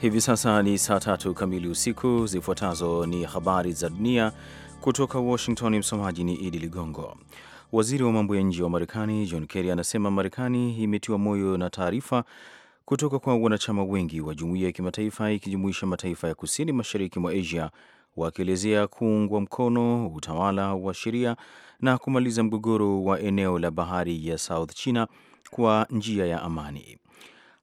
Hivi sasa ni saa tatu kamili usiku. Zifuatazo ni habari za dunia kutoka Washington. Msomaji ni Idi Ligongo. Waziri wa mambo ya nje wa Marekani John Kerry anasema Marekani imetiwa moyo na taarifa kutoka kwa wanachama wengi wa jumuiya ya kimataifa ikijumuisha mataifa ya kusini mashariki mwa Asia wakielezea kuungwa mkono utawala wa sheria na kumaliza mgogoro wa eneo la bahari ya South China kwa njia ya amani.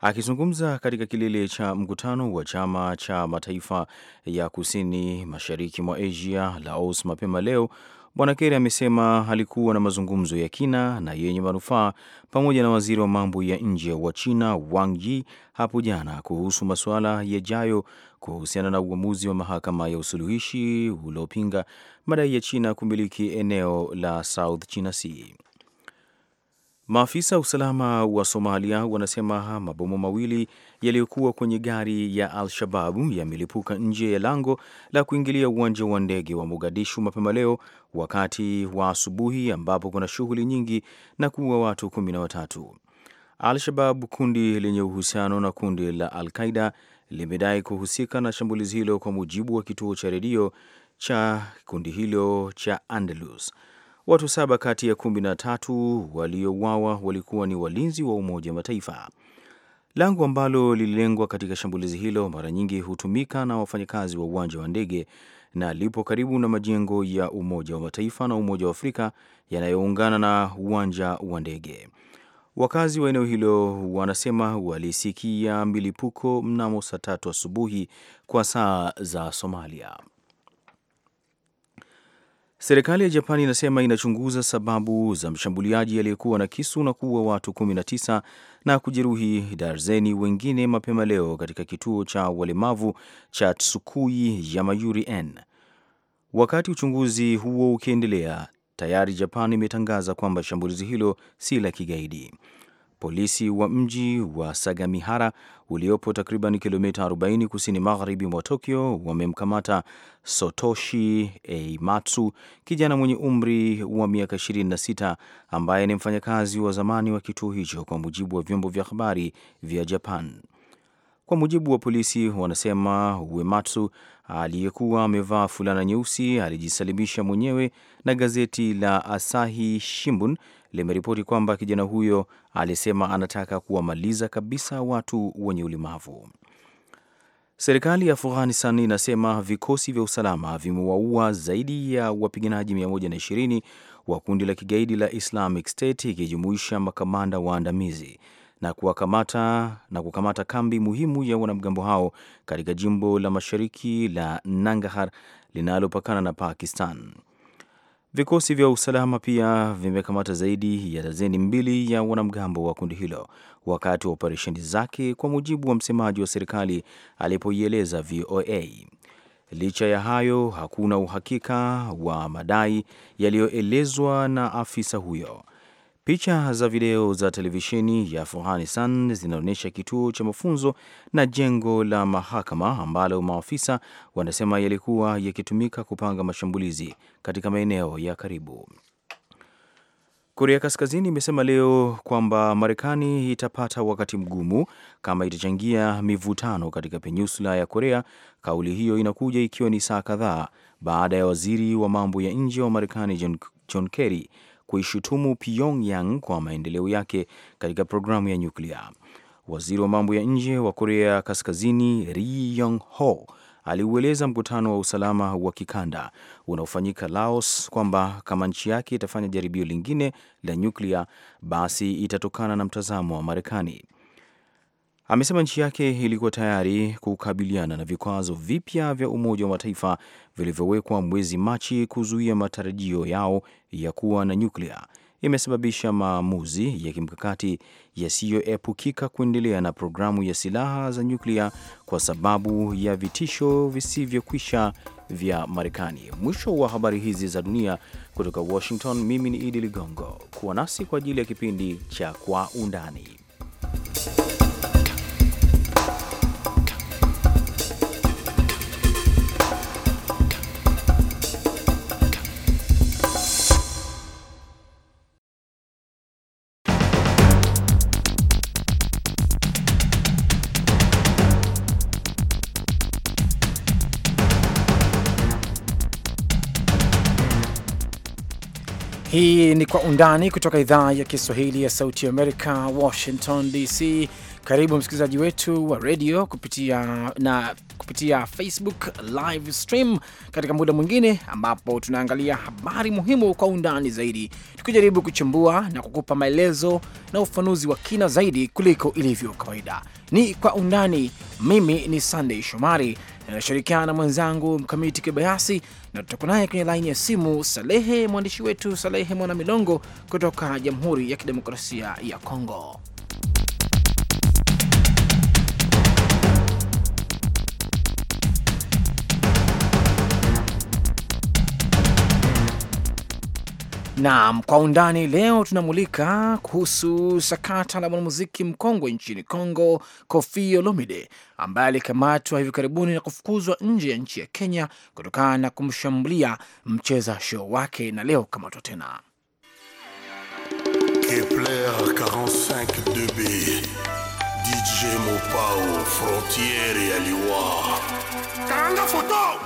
Akizungumza katika kilele cha mkutano wa chama cha mataifa ya kusini mashariki mwa Asia, Laos, mapema leo, Bwana Kerry amesema alikuwa na mazungumzo ya kina na yenye manufaa pamoja na waziri wa mambo ya nje wa China Wang Yi hapo jana kuhusu masuala yajayo kuhusiana na uamuzi wa mahakama ya usuluhishi uliopinga madai ya China kumiliki eneo la South China Sea. Maafisa usalama wa Somalia wanasema mabomu mawili yaliyokuwa kwenye gari ya Al-Shababu yamelipuka nje ya lango la kuingilia uwanja wa ndege wa Mogadishu mapema leo wakati wa asubuhi, ambapo kuna shughuli nyingi na kuua watu kumi na watatu. Al-Shabab, kundi lenye uhusiano na kundi la Al-Qaida, limedai kuhusika na shambulizi hilo, kwa mujibu wa kituo cha redio cha kundi hilo cha Andalus. Watu saba kati ya kumi na tatu waliouawa walikuwa ni walinzi wa Umoja wa Mataifa. Lango ambalo lililengwa katika shambulizi hilo mara nyingi hutumika na wafanyakazi wa uwanja wa ndege na lipo karibu na majengo ya Umoja wa Mataifa na Umoja wa Afrika yanayoungana na uwanja wa ndege. Wakazi wa eneo hilo wanasema walisikia milipuko mnamo saa tatu asubuhi kwa saa za Somalia. Serikali ya Japani inasema inachunguza sababu za mshambuliaji aliyekuwa na kisu na kuua watu 19 na kujeruhi darzeni wengine mapema leo katika kituo cha walemavu cha Tsukui Mayuri N. Wakati uchunguzi huo ukiendelea, tayari Japan imetangaza kwamba shambulizi hilo si la kigaidi. Polisi wa mji wa Sagamihara uliopo takriban kilomita 40 kusini magharibi mwa Tokyo wamemkamata Sotoshi Eimatsu, kijana mwenye umri wa miaka 26 ambaye ni mfanyakazi wa zamani wa kituo hicho, kwa mujibu wa vyombo vya habari vya Japan. Kwa mujibu wa polisi, wanasema Uematsu aliyekuwa amevaa fulana nyeusi alijisalimisha mwenyewe na gazeti la Asahi Shimbun limeripoti kwamba kijana huyo alisema anataka kuwamaliza kabisa watu wenye ulemavu. Serikali ya Afghanistan inasema vikosi vya usalama vimewaua zaidi ya wapiganaji 120 wa kundi la kigaidi la Islamic State ikijumuisha makamanda waandamizi na kuwakamata na kukamata kambi muhimu ya wanamgambo hao katika jimbo la mashariki la Nangarhar linalopakana na Pakistan. Vikosi vya usalama pia vimekamata zaidi ya dazeni mbili ya wanamgambo wa kundi hilo wakati wa operesheni zake, kwa mujibu wa msemaji wa serikali alipoieleza VOA. Licha ya hayo, hakuna uhakika wa madai yaliyoelezwa na afisa huyo. Picha za video za televisheni ya Afghanistan zinaonyesha kituo cha mafunzo na jengo la mahakama ambalo maafisa wanasema yalikuwa yakitumika kupanga mashambulizi katika maeneo ya karibu. Korea Kaskazini imesema leo kwamba Marekani itapata wakati mgumu kama itachangia mivutano katika peninsula ya Korea. Kauli hiyo inakuja ikiwa ni saa kadhaa baada ya waziri wa mambo ya nje wa Marekani John Kerry kuishutumu Pyongyang kwa maendeleo yake katika programu ya nyuklia. Waziri wa mambo ya nje wa Korea Kaskazini Ri Yong Ho aliueleza mkutano wa usalama wa kikanda unaofanyika Laos kwamba kama nchi yake itafanya jaribio lingine la nyuklia, basi itatokana na mtazamo wa Marekani amesema nchi yake ilikuwa tayari kukabiliana na vikwazo vipya vya Umoja wa Mataifa vilivyowekwa mwezi Machi kuzuia matarajio yao ya kuwa na nyuklia imesababisha maamuzi ya kimkakati yasiyoepukika kuendelea na programu ya silaha za nyuklia kwa sababu ya vitisho visivyokwisha vya Marekani. Mwisho wa habari hizi za dunia kutoka Washington, mimi ni Idi Ligongo. Kuwa nasi kwa ajili ya kipindi cha Kwa Undani. Hii ni Kwa Undani kutoka idhaa ya Kiswahili ya Sauti ya Amerika, Washington DC. Karibu msikilizaji wetu wa redio kupitia, na kupitia Facebook live stream katika muda mwingine ambapo tunaangalia habari muhimu kwa undani zaidi, tukijaribu kuchambua na kukupa maelezo na ufanuzi wa kina zaidi kuliko ilivyo kawaida. Ni Kwa Undani. Mimi ni Sandey Shomari inashirikiana na mwenzangu Mkamiti Kibayasi na tutakuwa naye kwenye laini ya simu Salehe, mwandishi wetu Salehe Mwana Milongo kutoka Jamhuri ya Kidemokrasia ya Kongo. Naam, kwa undani leo tunamulika kuhusu sakata la mwanamuziki mkongwe nchini Kongo, Koffi Olomide ambaye alikamatwa hivi karibuni na kufukuzwa nje ya nchi ya Kenya kutokana na kumshambulia mcheza show wake, na leo kamatwa tena. Kepler b DJ Mopao Frontiere foto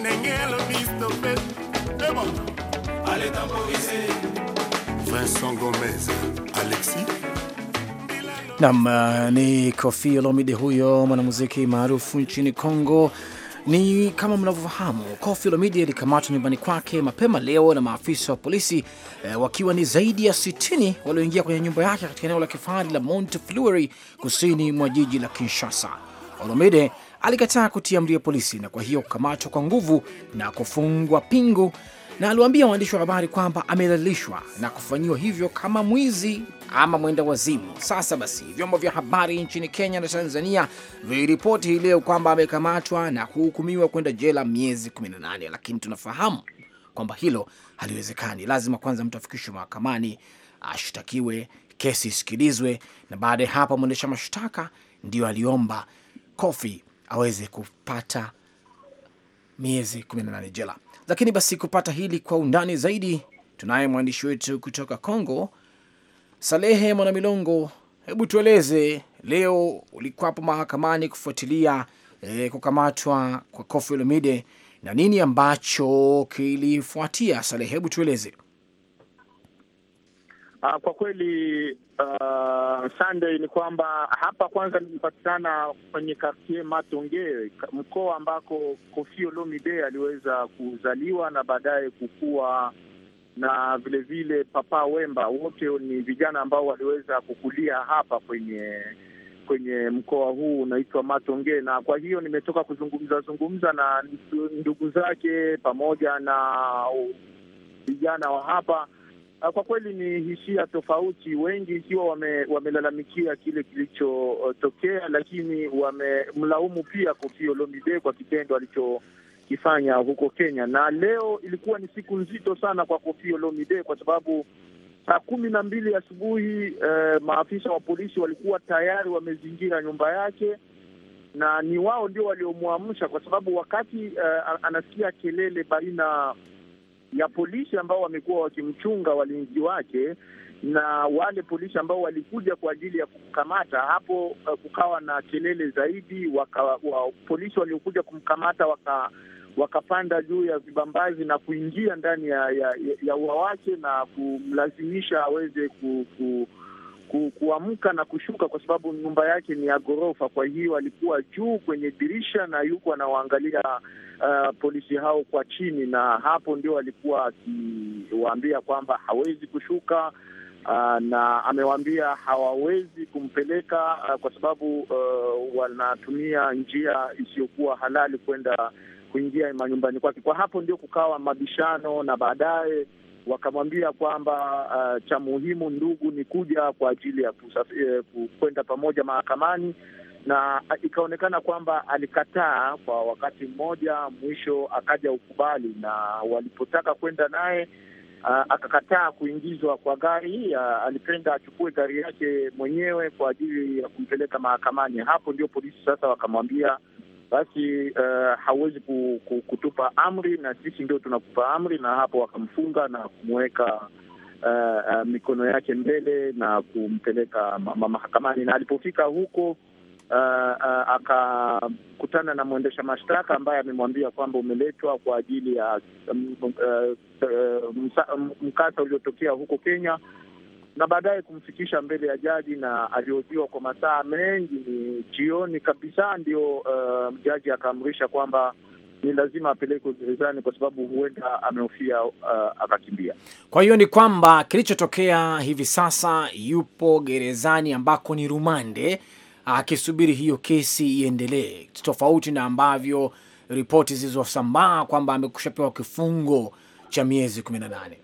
ndengelo Vincent Gomez Nam eh, ni kofi Olomide, huyo mwanamuziki maarufu nchini Kongo. Ni kama mnavyofahamu, Koffi Olomide alikamatwa nyumbani kwake mapema leo na maafisa wa polisi e, wakiwa ni zaidi ya 60 walioingia kwenye nyumba yake katika eneo la kifahari la Monte kusini mwa jiji la Kinshasa. Olomide alikataa kutia amri ya polisi na kwa hiyo kukamatwa kwa nguvu na kufungwa pingu, na aliwaambia waandishi wa habari kwamba amedhalilishwa na kufanyiwa hivyo kama mwizi ama mwenda wazimu. Sasa basi, vyombo vya habari nchini Kenya na Tanzania viliripoti hii leo kwamba amekamatwa na kuhukumiwa kwenda jela miezi 18, lakini tunafahamu kwamba hilo haliwezekani. Lazima kwanza mtu afikishwe mahakamani, ashtakiwe, kesi isikilizwe, na baada ya hapo mwendesha mashtaka ndio aliomba Kofi aweze kupata miezi 18 jela. Lakini basi kupata hili kwa undani zaidi, tunaye mwandishi wetu kutoka Kongo, Salehe Mwanamilongo. Hebu tueleze, leo hapo mahakamani kufuatilia eh, kukamatwa kwa Kofi Olomide na nini ambacho kilifuatia, Salehe? Hebu tueleze. Ah, kwa kweli uh, uh, Sunday ni kwamba hapa kwanza nilipatikana kwenye kartie Matonge, mkoa ambako kofio Olomide aliweza kuzaliwa na baadaye kukua na vilevile vile Papa Wemba, wote ni vijana ambao waliweza kukulia hapa kwenye kwenye mkoa huu unaitwa Matonge, na kwa hiyo nimetoka kuzungumza zungumza na ndugu zake pamoja na vijana wa hapa Ah, kwa kweli ni hisia tofauti, wengi ikiwa wame, wamelalamikia kile kilichotokea, lakini wamemlaumu pia Koffi Olomide kwa kitendo alichokifanya huko Kenya. Na leo ilikuwa ni siku nzito sana kwa kofi Olomide kwa sababu saa kumi na mbili asubuhi eh, maafisa wa polisi walikuwa tayari wamezingira nyumba yake na ni wao ndio waliomwamsha kwa sababu wakati eh, anasikia kelele baina ya polisi ambao wamekuwa wakimchunga walinzi wake na wale polisi ambao walikuja kwa ajili ya kumkamata hapo. Uh, kukawa na kelele zaidi waka, wa, polisi waliokuja kumkamata waka wakapanda juu ya vibambazi na kuingia ndani ya, ya, ya ua wake na kumlazimisha aweze ku, ku kuamka na kushuka, kwa sababu nyumba yake ni ya ghorofa. Kwa hiyo alikuwa juu kwenye dirisha na yuko anawaangalia uh, polisi hao kwa chini, na hapo ndio alikuwa akiwaambia kwamba hawezi kushuka. Uh, na amewaambia hawawezi kumpeleka uh, kwa sababu uh, wanatumia njia isiyokuwa halali kwenda kuingia manyumbani kwake. Kwa hapo ndio kukawa mabishano na baadaye wakamwambia kwamba uh, cha muhimu ndugu ni kuja kwa ajili ya eh, kwenda pamoja mahakamani, na ikaonekana kwamba alikataa kwa wakati mmoja, mwisho akaja ukubali, na walipotaka kwenda naye Uh, akakataa kuingizwa kwa gari uh, alipenda achukue gari yake mwenyewe kwa ajili ya kumpeleka mahakamani. Hapo ndio polisi sasa wakamwambia basi uh, eh, hauwezi ku, ku, kutupa amri na sisi ndio tunakupa amri. Na hapo wakamfunga na kumweka uh, eh, uh, eh, mikono yake mbele na kumpeleka mahakamani, na alipofika huko uh, uh, akakutana na mwendesha mashtaka ambaye amemwambia kwamba umeletwa kwa ajili ya uh, uh, mkasa uliotokea huko Kenya na baadaye kumfikisha mbele ya jaji, na aliojiwa kwa masaa mengi. Ni jioni kabisa ndio uh, jaji akaamrisha kwamba ni lazima apelekwe gerezani kwa sababu huenda amehofia uh, akakimbia. Kwa hiyo ni kwamba kilichotokea hivi sasa, yupo gerezani ambako ni rumande akisubiri hiyo kesi iendelee, tofauti na ambavyo ripoti zilizosambaa kwamba amekushapewa kifungo cha miezi kumi na nane.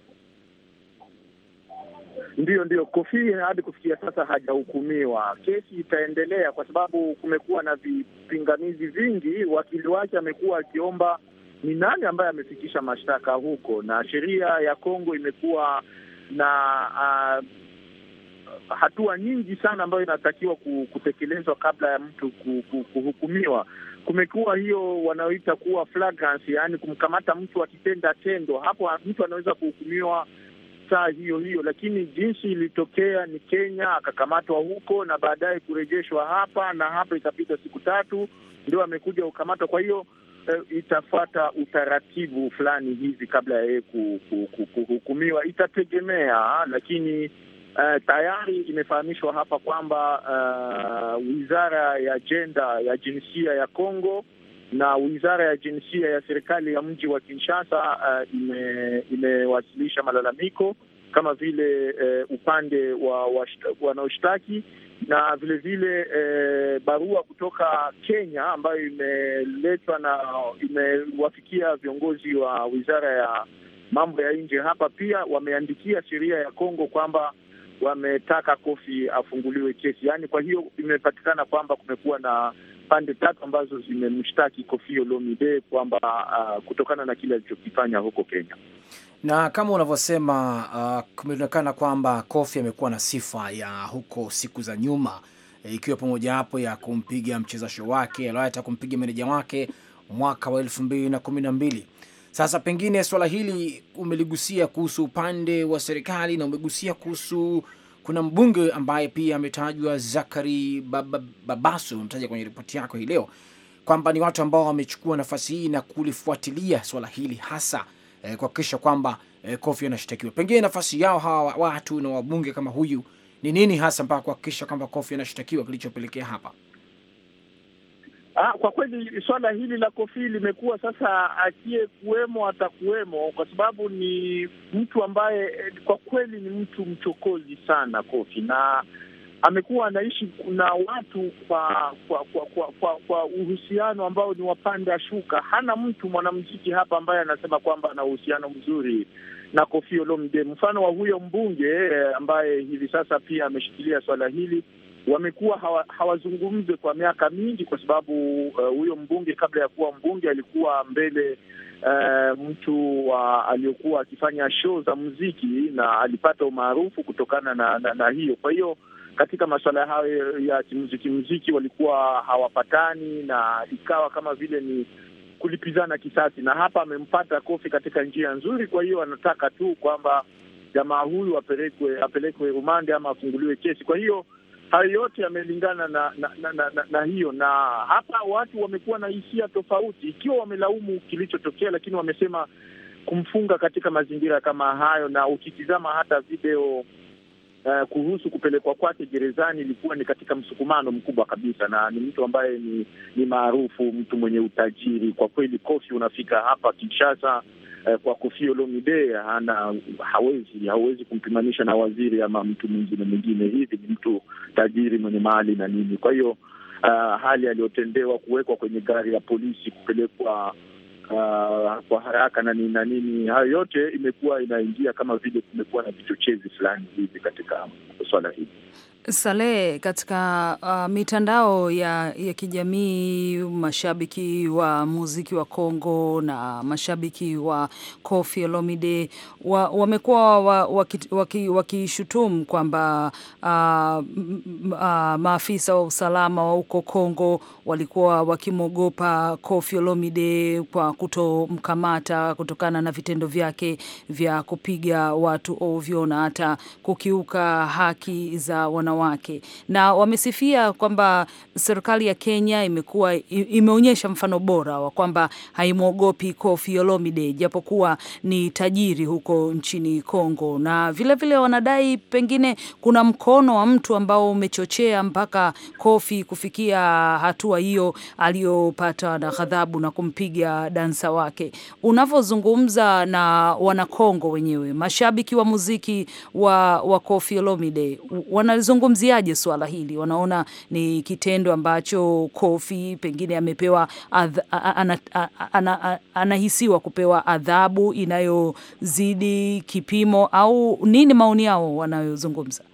Ndiyo, ndiyo. Kofi hadi kufikia sasa hajahukumiwa. Kesi itaendelea kwa sababu kumekuwa na vipingamizi vingi. Wakili wake amekuwa akiomba ni nani ambaye amefikisha mashtaka huko, na sheria ya Kongo imekuwa na uh, hatua nyingi sana ambayo inatakiwa kutekelezwa kabla ya mtu kuhukumiwa. Kumekuwa hiyo wanaoita kuwa flagrance, yaani kumkamata mtu akitenda tendo. Hapo mtu anaweza kuhukumiwa saa hiyo hiyo, lakini jinsi ilitokea ni Kenya akakamatwa huko na baadaye kurejeshwa hapa, na hapa ikapita siku tatu ndio amekuja kukamatwa. Kwa hiyo eh, itafata utaratibu fulani hivi kabla ya yeye kuhukumiwa, itategemea. Lakini uh, tayari imefahamishwa hapa kwamba uh, wizara ya jenda ya jinsia ya Kongo na wizara ya jinsia ya serikali ya mji wa Kinshasa uh, ime, imewasilisha malalamiko kama vile uh, upande wa wanaoshtaki na vile vile uh, barua kutoka Kenya ambayo imeletwa na imewafikia viongozi wa wizara ya mambo ya nje hapa, pia wameandikia sheria ya Kongo kwamba wametaka Kofi afunguliwe kesi. Yaani, kwa hiyo imepatikana kwamba kumekuwa na pande tatu ambazo zimemshtaki Kofi Olomide kwamba uh, kutokana na kile alichokifanya huko Kenya na kama unavyosema uh, kumeonekana kwamba Kofi amekuwa na sifa ya huko siku za nyuma e, eh, ikiwa pamoja hapo ya kumpiga mchezasho wake, hata kumpiga meneja wake mwaka wa elfu mbili na kumi na mbili. Sasa pengine swala hili umeligusia kuhusu upande wa serikali na umegusia kuhusu kuna mbunge ambaye pia ametajwa Zakari Babasu, umemtaja kwenye ripoti yako hii leo kwamba ni watu ambao wamechukua nafasi hii na kulifuatilia swala hili hasa eh, kuhakikisha kwamba eh, Kofi anashtakiwa. Pengine nafasi yao hawa watu na wabunge kama huyu ni nini hasa mpaka kuhakikisha kwamba Kofi anashtakiwa, kilichopelekea hapa Ah, kwa kweli swala hili la Kofi limekuwa sasa, asiyekuwemo atakuwemo, kwa sababu ni mtu ambaye eh, kwa kweli ni mtu mchokozi sana Kofi, na amekuwa anaishi na watu kwa kwa kwa, kwa, kwa, kwa uhusiano ambao ni wapanda shuka. Hana mtu mwanamuziki hapa ambaye anasema kwamba ana uhusiano mzuri na Kofi Olomide, mfano wa huyo mbunge eh, ambaye hivi sasa pia ameshikilia swala hili wamekuwa hawa, hawazungumze kwa miaka mingi, kwa sababu uh, huyo uh, mbunge kabla ya kuwa mbunge alikuwa mbele uh, mtu uh, aliyokuwa akifanya show za muziki na alipata umaarufu kutokana na, na, na hiyo. Kwa hiyo katika masuala hayo ya kimuziki muziki walikuwa hawapatani na ikawa kama vile ni kulipizana kisasi, na hapa amempata Kofi katika njia nzuri. Kwa hiyo anataka tu kwamba jamaa huyu apelekwe apelekwe rumande ama afunguliwe kesi. Kwa hiyo Hayo yote yamelingana na na, na, na, na na hiyo, na hapa watu wamekuwa na hisia tofauti, ikiwa wamelaumu kilichotokea, lakini wamesema kumfunga katika mazingira kama hayo, na ukitizama hata video Uh, kuhusu kupelekwa kwake gerezani ilikuwa ni katika msukumano mkubwa kabisa, na ni mtu ambaye ni ni maarufu, mtu mwenye utajiri kwa kweli. Kofi unafika hapa Kinshasa, eh, kwa Koffi Olomide hana hawezi hawezi kumpimanisha na waziri ama mtu mwingine mwingine. Hivi ni mtu tajiri mwenye mali na nini. Kwa hiyo uh, hali aliyotendewa kuwekwa kwenye gari ya polisi kupelekwa Uh, kwa haraka na nini na nini, hayo yote imekuwa inaingia kama vile kumekuwa na vichochezi fulani hivi katika swala hili. Saleh, katika uh, mitandao ya, ya kijamii mashabiki wa muziki wa Kongo na mashabiki wa Koffi Olomide wamekuwa wakishutumu wa, wa, wa, wa, wa kwamba uh, uh, maafisa wa usalama wa huko Kongo walikuwa wakimwogopa Koffi Olomide kwa kutomkamata kutokana na vitendo vyake vya kupiga watu ovyo na hata kukiuka haki za wana wanawake, na wamesifia kwamba serikali ya Kenya imekuwa imeonyesha mfano bora wa kwamba haimwogopi Kofi Olomide japokuwa ni tajiri huko nchini Kongo, na vilevile vile wanadai pengine kuna mkono wa mtu ambao umechochea mpaka kofi kufikia hatua hiyo aliyopata na ghadhabu na kumpiga dansa wake. Unavyozungumza na wanakongo wenyewe, mashabiki wa muziki wa, wa Kofi Olomide wanazungumza wanazungumziaje swala hili? Wanaona ni kitendo ambacho Kofi pengine amepewa anahisiwa kupewa adhabu inayozidi kipimo, au nini maoni yao wanayozungumza?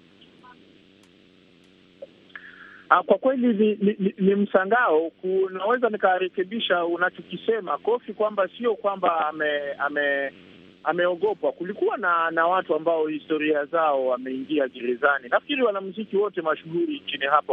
Ah, kwa kweli ni, ni, ni msangao. Kunaweza nikarekebisha unachokisema Kofi kwamba sio kwamba ame, ame ameogopwa. Kulikuwa na na watu ambao historia zao wameingia gerezani. Nafikiri wanamuziki wote mashuhuri nchini hapa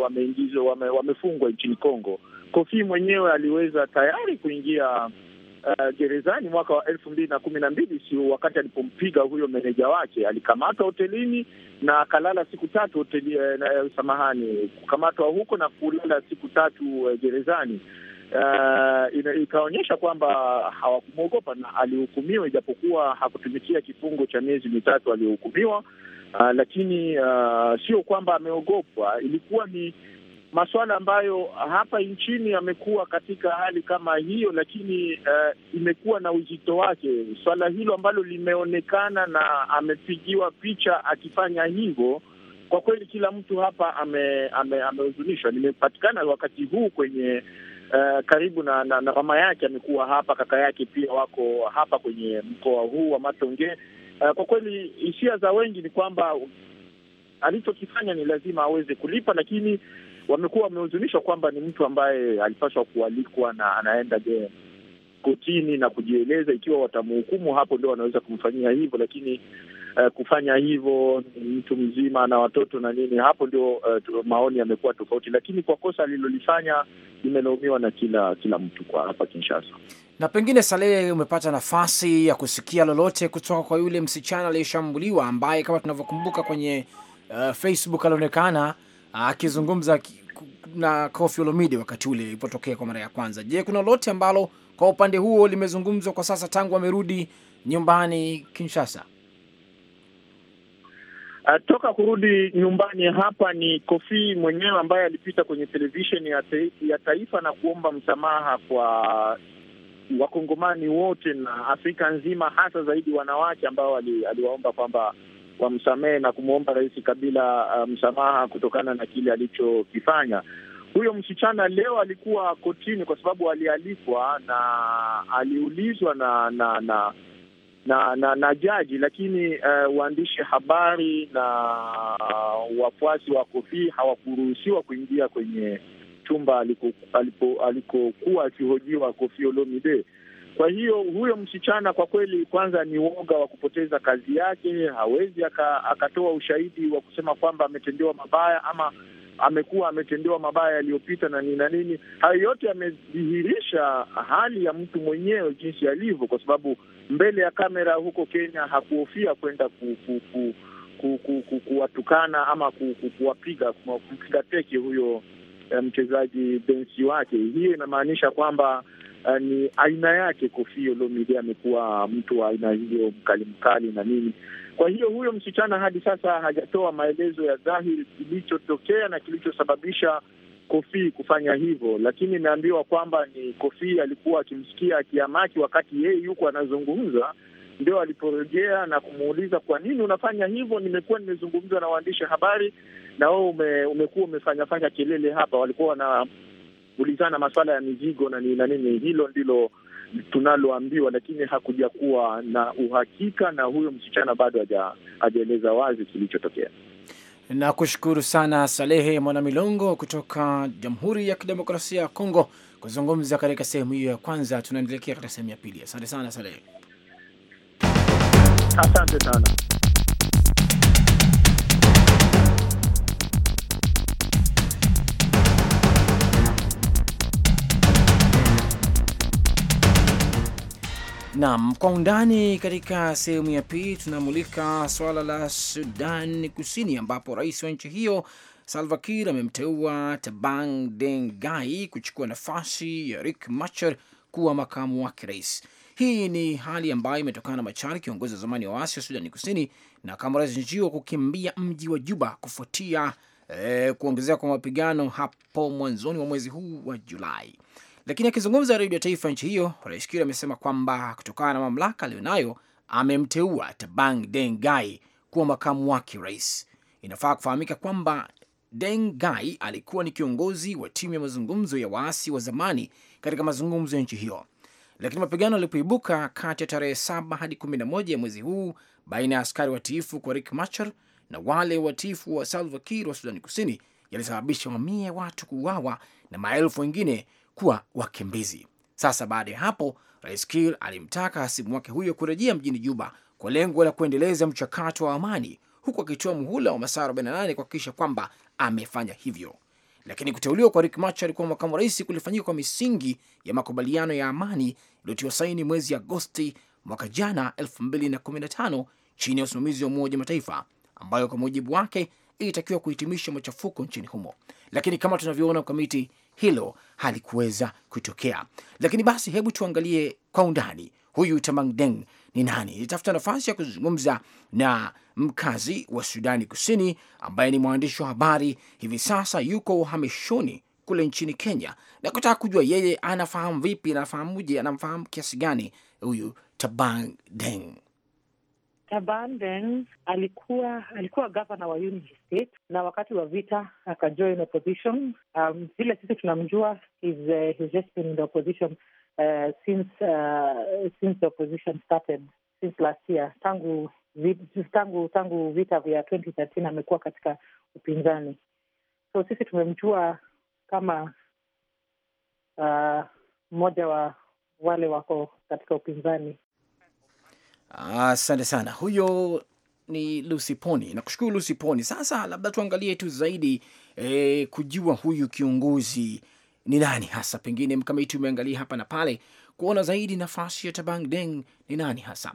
wameingizwa, wame, wame wamefungwa nchini Kongo. Kofi mwenyewe aliweza tayari kuingia uh, gerezani mwaka wa elfu mbili na kumi na mbili sio wakati alipompiga huyo meneja wake, alikamatwa hotelini na akalala siku tatu hoteli, uh, samahani, kukamatwa huko na kulala siku tatu uh, gerezani uh, ikaonyesha kwamba hawakumwogopa na alihukumiwa, ijapokuwa hakutumikia kifungo cha miezi mitatu aliyohukumiwa. Uh, lakini uh, sio kwamba ameogopwa, ilikuwa ni masuala ambayo hapa nchini amekuwa katika hali kama hiyo, lakini uh, imekuwa na uzito wake swala hilo ambalo limeonekana na amepigiwa picha akifanya hivyo. Kwa kweli kila mtu hapa amehuzunishwa. Ame, ame nimepata wakati huu kwenye uh, karibu na, na, na mama yake amekuwa hapa, kaka yake pia wako hapa kwenye mkoa huu wa Matonge. Uh, kwa kweli hisia za wengi ni kwamba alichokifanya ni lazima aweze kulipa, lakini wamekuwa wamehuzunishwa kwamba ni mtu ambaye alipaswa kualikwa na anaenda je kotini na kujieleza. Ikiwa watamhukumu hapo, ndio wanaweza kumfanyia hivyo, lakini uh, kufanya hivyo mtu mzima na watoto na nini, hapo ndio uh, maoni yamekuwa tofauti, lakini kwa kosa alilolifanya imelaumiwa na kila kila mtu kwa hapa Kinshasa. Na pengine Salehe, umepata nafasi ya kusikia lolote kutoka kwa yule msichana aliyeshambuliwa ambaye kama tunavyokumbuka kwenye uh, Facebook alionekana ah, akizungumza uh, na Koffi Olomide wakati ule ilipotokea kwa mara ya kwanza. Je, kuna lolote ambalo kwa upande huo limezungumzwa kwa sasa tangu amerudi nyumbani Kinshasa? Uh, toka kurudi nyumbani hapa ni Kofi mwenyewe ambaye alipita kwenye televisheni ya, te, ya taifa na kuomba msamaha kwa wakongomani wote na Afrika nzima, hasa zaidi wanawake ambao aliwaomba kwamba wamsamehe na kumwomba Rais Kabila uh, msamaha kutokana na kile alichokifanya. Huyo msichana leo alikuwa kotini kwa sababu alialikwa na aliulizwa na na na na, na, na jaji lakini uh, waandishi habari na uh, wafuasi wa Kofi hawakuruhusiwa kuingia kwenye chumba alikokuwa aliko, aliko akihojiwa Kofi Olomide. Kwa hiyo huyo msichana kwa kweli, kwanza ni woga wa kupoteza kazi yake. Hawezi akatoa ushahidi wa kusema kwamba ametendewa mabaya ama amekuwa ametendewa mabaya yaliyopita na nini na nini. Hayo yote yamedhihirisha hali ya mtu mwenyewe jinsi alivyo, kwa sababu mbele ya kamera huko Kenya hakuhofia kwenda ku, ku, ku, ku, ku, ku, kuwatukana ama ku, ku, kuwapiga kumpiga teke huyo eh, mchezaji densi wake. Hiyo inamaanisha kwamba uh, ni aina yake Koffi Olomide amekuwa mtu wa aina hiyo mkali mkali na nini. Kwa hiyo huyo msichana hadi sasa hajatoa maelezo ya dhahiri kilichotokea na kilichosababisha Kofi kufanya hivyo, lakini imeambiwa kwamba ni Kofi alikuwa akimsikia akiamaki wakati yeye yuko anazungumza, ndio aliporejea na kumuuliza kwa nini unafanya hivyo, nimekuwa nimezungumza na waandishi habari na wewe ume, umekuwa umefanyafanya kelele hapa. Walikuwa wanaulizana maswala ya mizigo na nini na nini. Hilo ndilo tunaloambiwa, lakini hakuja kuwa na uhakika, na huyo msichana bado hajaeleza wazi kilichotokea. Nakushukuru sana Salehe Mwanamilongo kutoka Jamhuri ya Kidemokrasia ya Kongo kuzungumza katika sehemu hiyo ya kwanza. Tunaendelekea katika sehemu ya pili. Asante sana Salehe, asante sana. Naam, kwa undani katika sehemu ya pili tunamulika swala la Sudan Kusini ambapo rais wa nchi hiyo Salva Kiir amemteua Tabang Dengai kuchukua nafasi ya Rick Machar kuwa makamu wake rais. Hii ni hali ambayo imetokana na Machar, kiongozi wa zamani wa waasi wa Sudani Kusini, na kama rais nchi hiyo kukimbia mji wa Juba kufuatia eh, kuongezeka kwa mapigano hapo mwanzoni mwa mwezi huu wa Julai. Lakini akizungumza redio taifa nchi hiyo, Rais Kiir amesema kwamba kutokana na mamlaka aliyonayo amemteua Tabang Deng Gai kuwa makamu wake rais. Inafaa kufahamika kwamba Deng Gai alikuwa ni kiongozi wa timu ya mazungumzo ya waasi wa zamani katika mazungumzo ya nchi hiyo, lakini mapigano yalipoibuka kati ya tarehe saba hadi kumi na moja ya mwezi huu baina ya askari watiifu kwa Riek Machar na wale watiifu wa Salva Kiir wa Sudani Kusini yalisababisha mamia ya watu kuuawa na maelfu wengine kuwa wakimbizi. Sasa baada ya hapo, Rais Kiir alimtaka hasimu wake huyo kurejea mjini Juba kwa lengo la kuendeleza mchakato wa amani, huku akitoa muhula wa masaa 48 kuhakikisha kwamba amefanya hivyo. Lakini kuteuliwa kwa Riek Machar kuwa makamu wa rais kulifanyika kwa misingi ya makubaliano ya amani iliyotiwa saini mwezi Agosti mwaka jana 2015 chini ya usimamizi wa Umoja Mataifa, ambayo kwa mujibu wake ilitakiwa kuhitimisha machafuko nchini humo. Lakini kama tunavyoona, mkamiti hilo halikuweza kutokea. Lakini basi, hebu tuangalie kwa undani huyu Tamang Deng ni nani. Nilitafuta nafasi ya kuzungumza na mkazi wa Sudani Kusini ambaye ni mwandishi wa habari, hivi sasa yuko uhamishoni kule nchini Kenya, na kutaka kujua yeye anafahamu vipi, anafahamuje, anamfahamu kiasi gani huyu Tabang Deng. Tabanden alikuwa alikuwa gavana wa Uni State na wakati wa vita akajoin opposition. Um, vile sisi tunamjua he's, uh, he's just been in the opposition uh, since uh, since the opposition started since last year, tangu tangu tangu vita vya 2013 amekuwa katika upinzani, so sisi tumemjua kama uh, mmoja wa wale wako katika upinzani Asante sana, huyo ni Lucy Poni. Nakushukuru Lucy Poni. Sasa labda tuangalie tu zaidi e, kujua huyu kiongozi ni nani hasa, pengine mkamiti umeangalia hapa na pale kuona zaidi nafasi ya Tabang Deng ni nani hasa.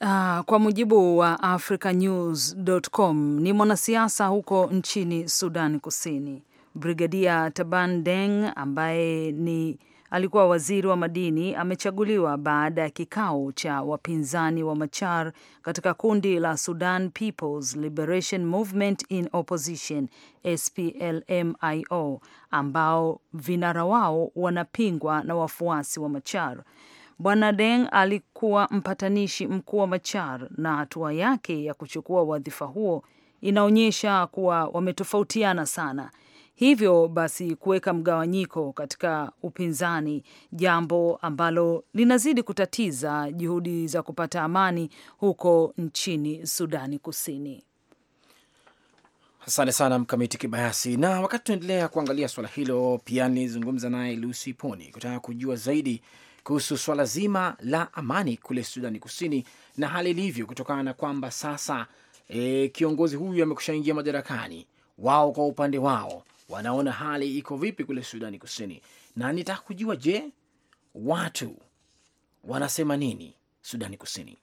Uh, kwa mujibu wa africanews.com ni mwanasiasa huko nchini Sudan Kusini. Brigadia Taban Deng ambaye ni alikuwa waziri wa madini amechaguliwa baada ya kikao cha wapinzani wa Machar katika kundi la Sudan People's Liberation Movement in Opposition SPLMIO, ambao vinara wao wanapingwa na wafuasi wa Machar. Bwana Deng alikuwa mpatanishi mkuu wa Machar na hatua yake ya kuchukua wadhifa huo inaonyesha kuwa wametofautiana sana hivyo basi kuweka mgawanyiko katika upinzani, jambo ambalo linazidi kutatiza juhudi za kupata amani huko nchini Sudani Kusini. Asante sana Mkamiti Kibayasi. Na wakati tunaendelea kuangalia swala hilo, pia nilizungumza naye Lucy Poni kutaka kujua zaidi kuhusu swala zima la amani kule Sudani Kusini na hali ilivyo, kutokana na kwamba sasa e, kiongozi huyu amekushaingia madarakani. Wao kwa upande wao wanaona hali iko vipi kule Sudani Kusini, na nitaka kujua, je, watu wanasema nini Sudani Kusini?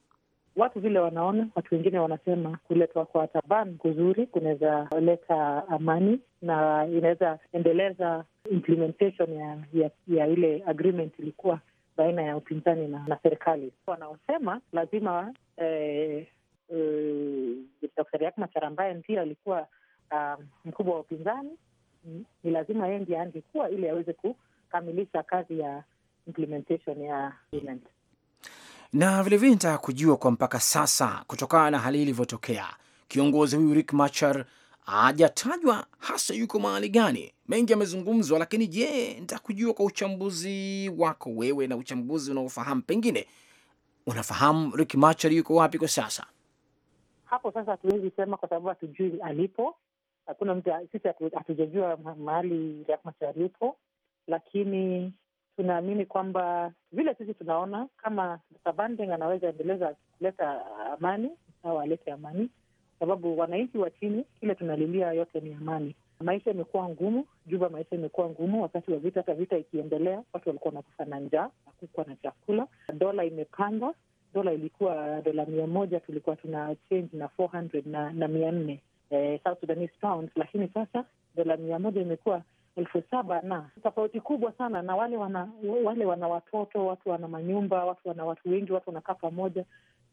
Watu vile wanaona, watu wengine wanasema kuletwa kwa Taban kuzuri kunaweza leta amani na inaweza endeleza implementation ya, ya, ya ile agreement ilikuwa baina ya upinzani na, na serikali. Wanaosema lazima eh, eh, Dr. Riek Machar ambaye ndiye alikuwa um, mkubwa wa upinzani ni lazima yeye ndiye angekuwa ili aweze kukamilisha kazi ya implementation ya agreement. Na vilevile nitaka kujua kwa mpaka sasa, kutokana na hali ilivyotokea, kiongozi huyu rik Machar hajatajwa hasa yuko mahali gani. Mengi yamezungumzwa, lakini je, nitakujua kwa uchambuzi wako wewe na uchambuzi unaofahamu, pengine unafahamu Riek Machar yuko wapi kwa sasa? Hapo sasa hatuwezi sema kwa sababu hatujui alipo, hakuna mtu, sisi hatujajua mahali Riek Machar yupo, lakini tunaamini kwamba vile sisi tunaona kama anaweza endeleza kuleta amani au alete amani, sababu wananchi wa chini, kile tunalilia yote ni amani. Maisha imekuwa ngumu Juba, maisha imekuwa ngumu wakati wa vita. Hata vita ikiendelea, watu walikuwa wanakufa na njaa, hakukuwa na chakula. Dola imepanda, dola ilikuwa dola mia moja, tulikuwa tuna change na 400 na na mia nne eh, South Sudanese pounds, lakini sasa dola mia moja imekuwa elfu saba na tofauti kubwa sana na wale wana wale wana watoto, watu wana manyumba, watu wana watu wengi, watu wanakaa pamoja.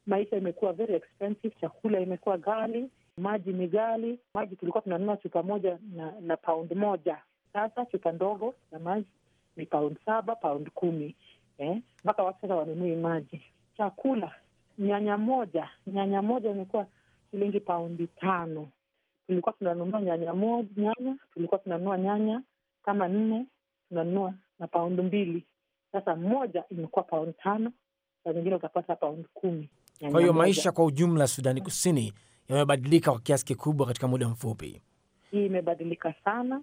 Maisha imekuwa very expensive, chakula imekuwa ghali, maji ni ghali. Maji tulikuwa tunanunua chupa moja na, na pound moja, sasa chupa ndogo ya maji ni pound saba, pound kumi eh, mpaka eh, watu sasa wanunui maji. Chakula nyanya moja, nyanya moja imekuwa shilingi paundi tano tulikuwa tunanunua nyanya moja nyanya tulikuwa tunanunua nyanya kama nne tunanunua na paundi mbili. Sasa moja imekuwa paundi tano, na zingine utapata paundi kumi. Kwa hiyo maisha kwa ujumla Sudani Kusini yamebadilika kwa kiasi kikubwa katika muda mfupi. Hii imebadilika sana,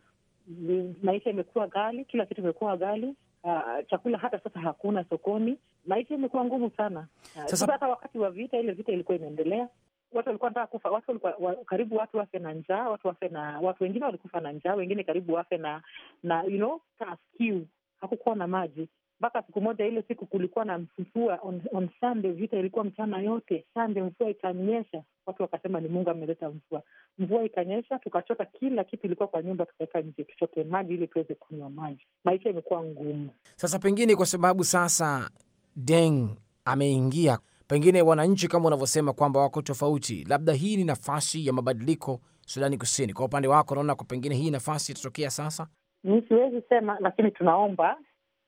maisha imekuwa ghali, kila kitu imekuwa ghali. Uh, chakula hata sasa hakuna sokoni, maisha imekuwa ngumu sana. Uh, sasa hata wakati wa vita, ile vita ilikuwa inaendelea watu walikuwa nataka kufa, watu walikuwa wa, karibu watu wafe na njaa, watu wafe na watu wengine walikufa na njaa, wengine karibu wafe na na you know taskiu hakukuwa na maji mpaka siku moja, ile siku kulikuwa na mvua on, on Sunday, vita ilikuwa mchana yote Sunday, mvua ikanyesha. Watu wakasema ni Mungu ameleta mvua. Mvua ikanyesha, tukachota kila kitu ilikuwa kwa nyumba, tukaweka nje tuchote maji ili tuweze kunywa maji. Maisha imekuwa ngumu sasa, pengine kwa sababu sasa Deng ameingia pengine wananchi kama unavyosema kwamba wako tofauti, labda hii ni nafasi ya mabadiliko Sudani Kusini. Kwa upande wako, unaona kwa pengine hii nafasi itatokea sasa? ni siwezi sema, lakini tunaomba,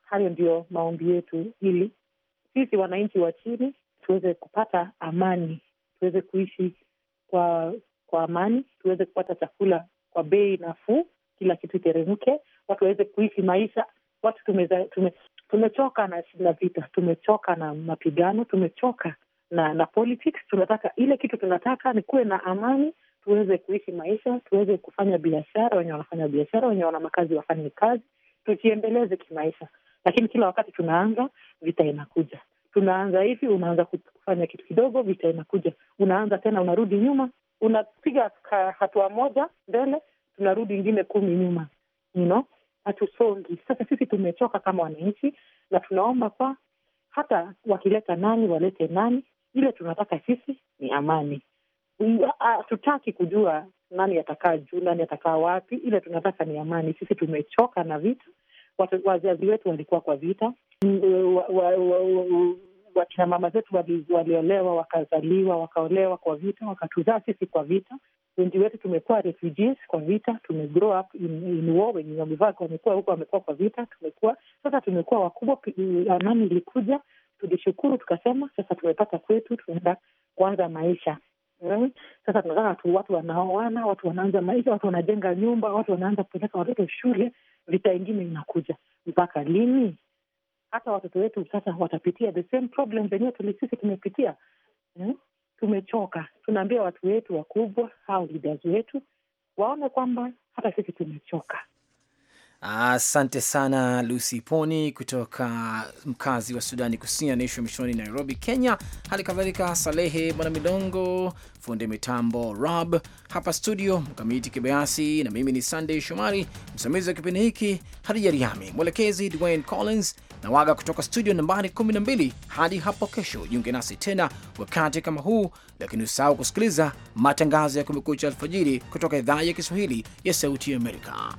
hayo ndiyo maombi yetu, ili sisi wananchi wa chini tuweze kupata amani, tuweze kuishi kwa kwa amani, tuweze kupata chakula kwa bei nafuu, kila kitu iteremke, watu waweze kuishi maisha. Watu tumeza, tume, Tumechoka na, na vita, tumechoka na mapigano, tumechoka na na politics. Tunataka ile kitu, tunataka ni kuwe na amani, tuweze kuishi maisha, tuweze kufanya biashara, wenye wanafanya biashara, wenye wana makazi wafanye kazi, tujiendeleze kimaisha. Lakini kila wakati tunaanza vita, inakuja tunaanza hivi, unaanza kufanya kitu kidogo, vita inakuja, unaanza tena, unarudi nyuma, unapiga hatua moja mbele, tunarudi ingine kumi nyuma you know? hatusongi. Sasa sisi tumechoka kama wananchi, na tunaomba kwa hata wakileta nani walete nani, ile tunataka sisi ni amani. Hatutaki kujua nani atakaa juu, nani atakaa wapi, ile tunataka ni amani. Sisi tumechoka na vita. Wazazi wetu walikuwa kwa vita, mm, e, wakina mama zetu waliolewa, wakazaliwa, wakaolewa kwa vita, wakatuzaa sisi kwa vita wengi wetu tumekuwa refugees kwa vita, tumegrow up in, in war, wenye wamevaa wamekuwa huko, wamekuwa kwa vita, tumekuwa sasa, tumekuwa wakubwa. Amani ilikuja, tulishukuru, tukasema sasa tumepata kwetu, tunaenda kuanza maisha mm. Sasa tunataka tu watu wanaoana, watu wanaanza maisha, watu wanajenga nyumba, watu wanaanza kupeleka watoto shule. Vita ingine inakuja, mpaka lini? Hata watoto wetu sasa watapitia the same problem zenyewe tulisisi tumepitia mm tumechoka. Tunaambia watu wetu wakubwa au leaders wetu waone kwamba hata sisi tumechoka. Asante sana Lucy Poni kutoka mkazi wa Sudani Kusini anaishwa mishoni Nairobi, Kenya. Hali kadhalika Salehe bwana midongo funde mitambo Rob hapa studio, Mkamiti Kibayasi na mimi ni Sandey Shomari, msimamizi wa kipindi hiki Hadija Riami, mwelekezi Dwayne Collins na waga kutoka studio nambari 12 hadi hapo kesho. Jiunge nasi tena wakati kama huu, lakini usahau kusikiliza matangazo ya Kumekucha alfajiri kutoka idhaa ya Kiswahili ya Sauti ya Amerika.